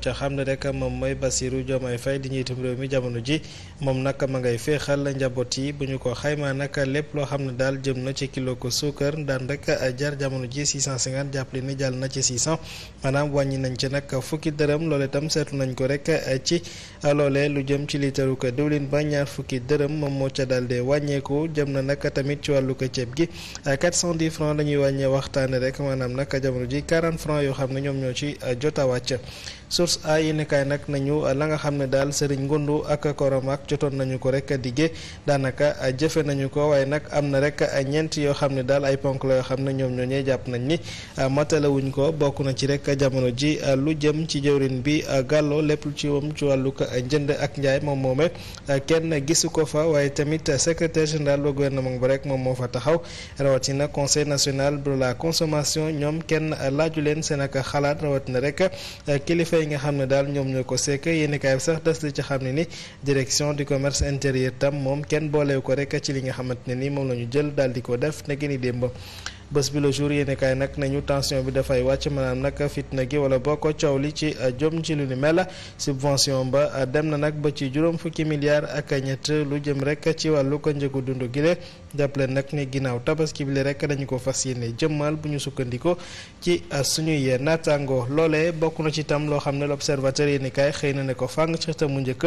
ca xam ne rek moom mooy Bassirou Diomaye fay di njiitum réew mi jamono ji moom nag ma ngay féexal njaboot yi bu ñu ko xaymaa nag lépp loo xam ne daal jëm na ci kilo ko suukar daan rek jar jamono ji 650 jàppale ni jàll na ci 600 maanaam wàññi nañ ci nag fukki dërëm lool itam seetu nañ ko rek ci loolee lu jëm ci liitaru ko diwlin ba ñaar fukki dërëm moom moo ca daal di wàññeeku jëm na nag tamit ci wàllu ko ceeb gi 410 francs la ñuy wàññee waxtaane rek maanaam nag jamono ji 40 francs yoo xam ne ñoom ñoo ci jot a wàcc source ay yéen kaay nag nañu euh, la nga xam ne daal Serigne Ngondu ak Koromak jotoon nañu ko rek dige daanaka euh, jëfe nañu ko waaye nag am na rek euh, ñeent yoo xam ne daal ay ponk la yoo xam ne ñoom ñooñee jàpp nañ ni matalewuñ ko bokk na ci rek jamono ji lu jëm ci jëwrin bi gàlloo lépp ci wam ci wàllug jënd ak njaay moom moome kenn gisu ko fa waaye tamit secrétaire général ba gouvernement ba rek moom moo fa taxaw rawatina conseil national de la ñoom kenn laaju leen seen ak xalaat rek yi nga xam ne daal ñoom ñoo ko sekk yéen kaay bi sax des ci xam ne ni direction du commerce intérieur tam moom kenn boolewu ko rek ci li nga xamante ne ni moom la ñu jël daal di ko def na gën a démb bés bi le jour yéene kaay nag nañu tension bi dafay wàcc maanaam nag fitna gi wala boo ko coow li ci euh, jom ci lu ni mela subvention ba euh, dem na nag ba ci juróom fukki milliards ak ñett lu jëm rek ci wàllu ko njëgu dund gi le jàppale nag ni ginnaaw tabaski bi li rek dañu ko fas yéene jëmmal bu ñu sukkandiko ci euh, suñuy naataango loolee bokk na ci itam loo xam ne l'observateur yéene kaay xëy na ne ko fàng ci xëtamu njëkk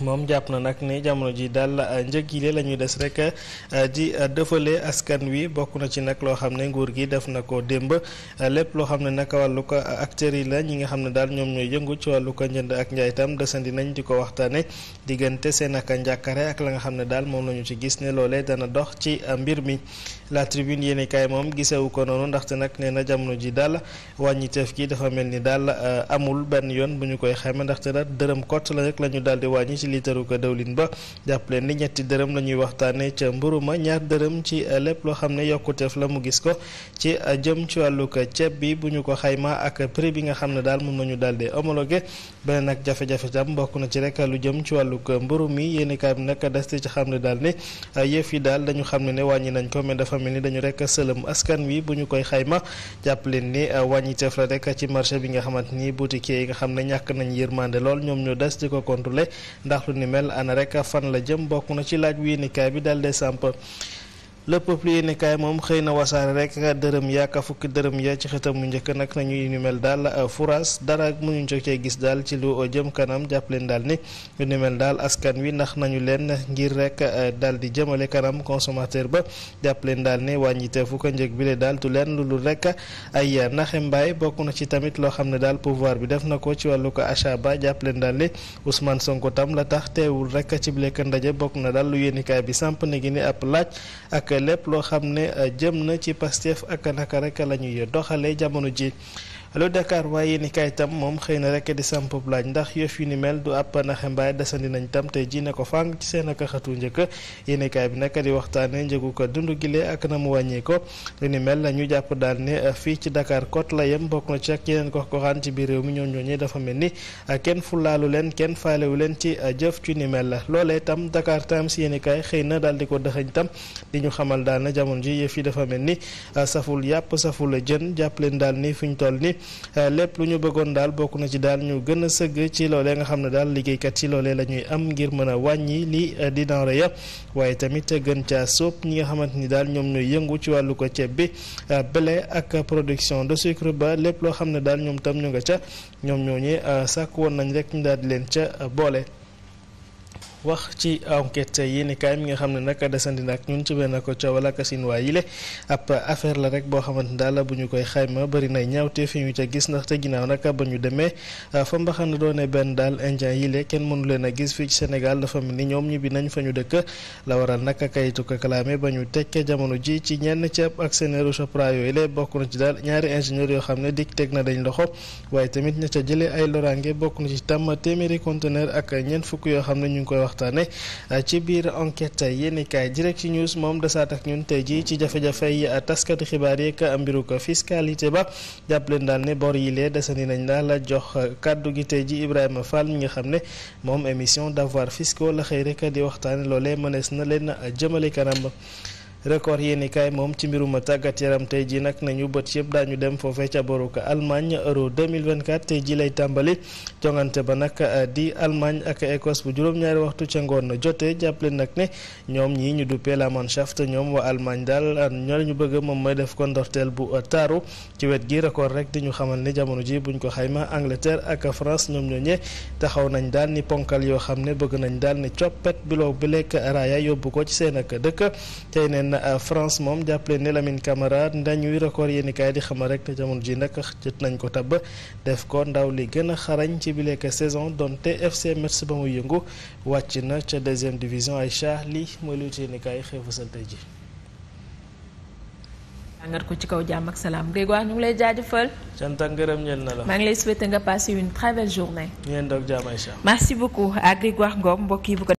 moom jàpp na nag ne jamono ji daal ah, njëg yi la ñuy des rek ah, di ah, dëfale askan wi bokk na ci nag loo xam ne nguur gi def na ko démb lépp loo xam ne nag wàllu ko acteurs yi la ñi nga xam ne daal ñoom ñooy yëngu ci wàllu ko ak njaay tam desandi nañ di ko waxtaane diggante seen ak njàkkare ak la nga xam ne daal moom la ñu ci gis ne loolee dana dox ci mbir mi la tribune yéeni kaay moom gisewu ko noonu ndaxte nag nee na jamono ji daal wàññi teef gi dafa mel ni daal amul benn yoon bu ñu koy xayma ndaxte daal dërëm kott la la ñu daal di wàññi ci liitaru ko dawlin ba jàpp leen ni ñetti dërëm la ñuy waxtaane ca mburu ma ñaar dërëm ci lépp loo xam ne yokkuteef la mu gis ko ci jëm ci wàllu ko ceeb bi bu ñu ko xayma ak prix bi nga xam ne daal moom la ñu daal di homologué beneen nag jafe-jafe tam na ci rek lu jëm ci wàllu mburu mi yéenikaay bi nag des ci xam ne daal ne yëf yi daal dañu xam ne ne wàññi nañ ko mais dafa mel ni dañu rek sëlëm askan wi bu ñu koy xayma jàpp leen ni wàññiteef la rek ci marché bi nga xamante ni boutique yi nga xam ne ñàkk nañ yërmande lool ñoom ñu des di ko contrôler ndax lu ni mel ana rek fan la jëm bokk na ci laaj wi nikaay bi dal dee samp le peuple yéeni moom xëy na wasaare rek dërëm yaaka fukki dërëm ya ci xëtam mu njëkk nag nañuy ni mel daal euh, furaas dara mënuñ ko cee gis daal ci lu jëm kanam jàpp leen daal ni lu daal askan wi ndax nañu leen ngir rek euh, daal di jëmale kanam consommateur ba jàpp leen daal ni wàññite fu ko njëg bi le daal du leen lu dul rek ay naxe mbaay bokk na ci tamit loo xam ne daal pouvoir bi def na ko ci wàllu ko achat ba jàpp leen daal ni Ousmane Sonko tam la tax teewul rek ci bile ndaje bokk na daal lu yéenikaay bi samp na gi ni ab laaj lépp loo xam ne euh, jëm na ci Pastef ak naka rek la ñuy doxalee jamono ji lu Dakar waaye yéen kaay tam moom xëy na rek di samp laaj ndax yëf yu ni mel du ab naxembaay desandi nañ tam tey jii ne ko fàng ci seen ak xatu njëkk yéen bi nag di waxtaanee njëgu ko dund gile ak na mu wàññee ko ni mel ñu jàpp daal ne eh, fii ci Dakar côte la yem bokk na ci ak yeneen ko goxaan ci biir réew mi ñoo ñooñee dafa mel ni eh, kenn fulaalu leen kenn faalewu leen ci eh, jëf ci ni mel la loolee tam Dakar Times yéen kaay xëy na daal di ko dëxëñ tam di ñu xamal daal na jamono ji dafa mel ni saful yàpp saful jën jàpp leen daal ni fi ñu toll ni Euh, lépp lu ñu bëggoon daal bokk na ci daal ñu gën a sëgg ci loolee nga xam ne daal liggéeykat yi loolee la am ngir mën a wàññi li euh, di denrée ya waaye tamit gën caa sóob ñi nga xamante ni daal ñoom ñooy yëngu ci wàllu ko ceeb bi euh, blé ak production de sucre ba lépp loo xam ne daal ñoom tam ñu nga ca ñoom ñooñee sàkk woon nañ rek ñu daal di leen ca boole wax ci enquête yéeni kaay mi nga xam ne nag desandi nag ñun ci benn ko coowal ak sinuwaa yile ab affaire la rek boo xamante ni daal bu ñu koy xayma bëri na ñaawte fi gis ndax te ginnaaw nag ba ñu demee fa mbaxana doone benn daal indien yile kenn mënu leen a gis fii ci Sénégal dafa mel ni ñoom ñibbi nañ fa ñu dëkk la waral nag kayitu ko kalaame ba ñu tekkee jamono ji ci ñenn ci ab actionnaire Sopra yooyu le bokk na ci yoo xam ne dik teg na dañ loxo waaye tamit ña ca jëlee ay loraange bokk na ci tam téeméeri conteneur ak ñeent fukk yoo xam ne ñu ngi koy wax waxtaane uh, ci biir enquête yéenekaay direct news moom dasaat ak ñun tey jii ci jafe-jafey taskati xibaar yeeg mbiru ko fiscalité ba jàpp leen daal ne bor yi lee desandi nañ daal la jox kàddu gi tey ji Ibrahima Fall mi nga xam ne moom émission d'avoir fiscaux la xëy rek di waxtaane loolee mënees na leen a jëmale kanam record yéeni kaay moom ci mbiruma tàggat yaram tey ji nag nañu bët yëpp daañu dem foofee ca boruka Allemagne euro 2024 tey ji lay tàmbali jongante ba nag euh, di Allemagne ak Écosse bu juróom-ñaari waxtu ca ngoon na jote jàppale nag ne ñoom ñii ñu duppee la Mannschaft ñoom waa Allemagne daal euh, ñoo ñu bëgg moom mooy def ko ndorteel bu euh, taaru ci wet gi record rek di ñu xamal ne jamono ji buñ ko xayma Angleterre ak France ñoom ñooñee taxaw nañ daal ni ponkal yoo xam ne bëgg nañ daal ne coppet biloo bi lekk raaya yóbbu ko ci seen ak dëkk benn euh, France moom jàppale ne Lamine ndañuy record yéen di xamal rek ne jamono ji nag jot nañ ko tabb def ko ndaw li gën a xarañ ci bileek saison donte FC Metz ba muy yëngu wàcc na ca deuxième division Aïcha li mooy lu yéen kaay xëy fësal ji. jàngat ko ci kaw jàmm ak salaam Grégoire lay jaajëfal. nga passer une très belle journée. merci beaucoup à Grégoire Ngom mbokk bu ko.